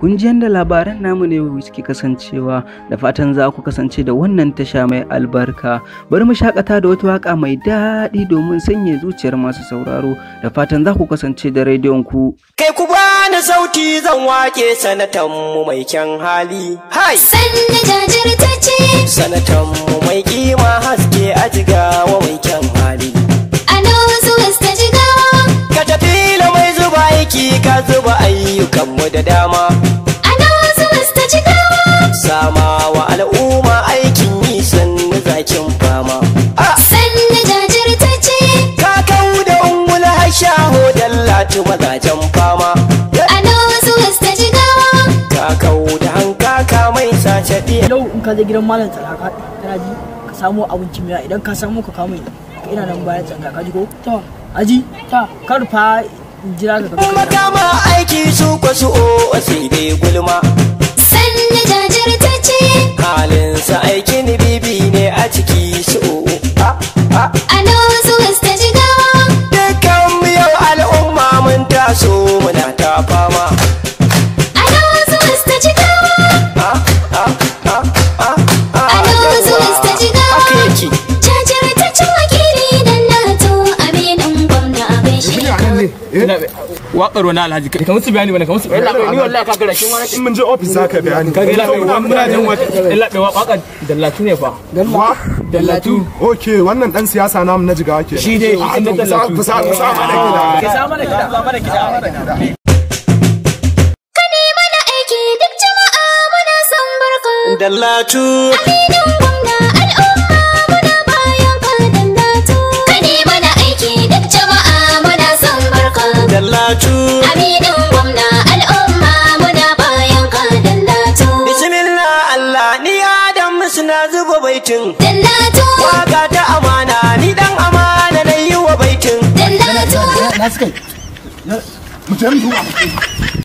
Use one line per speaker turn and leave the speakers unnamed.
kun ji yadda labaran namu ne suke kasancewa da fatan za ku kasance da wannan tasha mai albarka bari mu shakata da wata waka mai daɗi domin sanya zuciyar masu sauraro da fatan za ku kasance da rediyon ku kai ku bani sauti zan wake sanatan mu mai kyan hali hai sanni jajirtacce sanatan mu mai kima haske ajiga wa mai kyan hali ana wasu wasta jigawa ka tafi mai zuba aiki ka zuba ayyukan mu da dama sama wa al'umma aikin yi sannu zakin fama sannu ka kakau da ho hashaho dallatu mazajen fama ka da mai sace yau in ka je gidan malam talaka tana ji ka samo abin kimiyya idan ka samo ka kama ka ina nan bayan tsanga ka ji aji ta karfa jira ka kuma aiki so muna ta fama Eh? wakar wani alhaji ka musu bayani wani ka musu bayani ni wallahi ka gara kin wani in mun je office za ka bayani ka gara bai wani muna jin wata illa bai waka dallatu ne fa wa dallatu okay wannan dan siyasa namu na jiga ke shi dai in da dallatu ku sa ku sa mana kida ku sa mana kida ba ah. mana son barka Dallatu. Aminu dallatu aminin gwamna al'umma muna bayan ka dallatu bismillah allah ni adam suna zuba baitin dallatu waka ta amana ni dan amana na yi wa baitin zuwa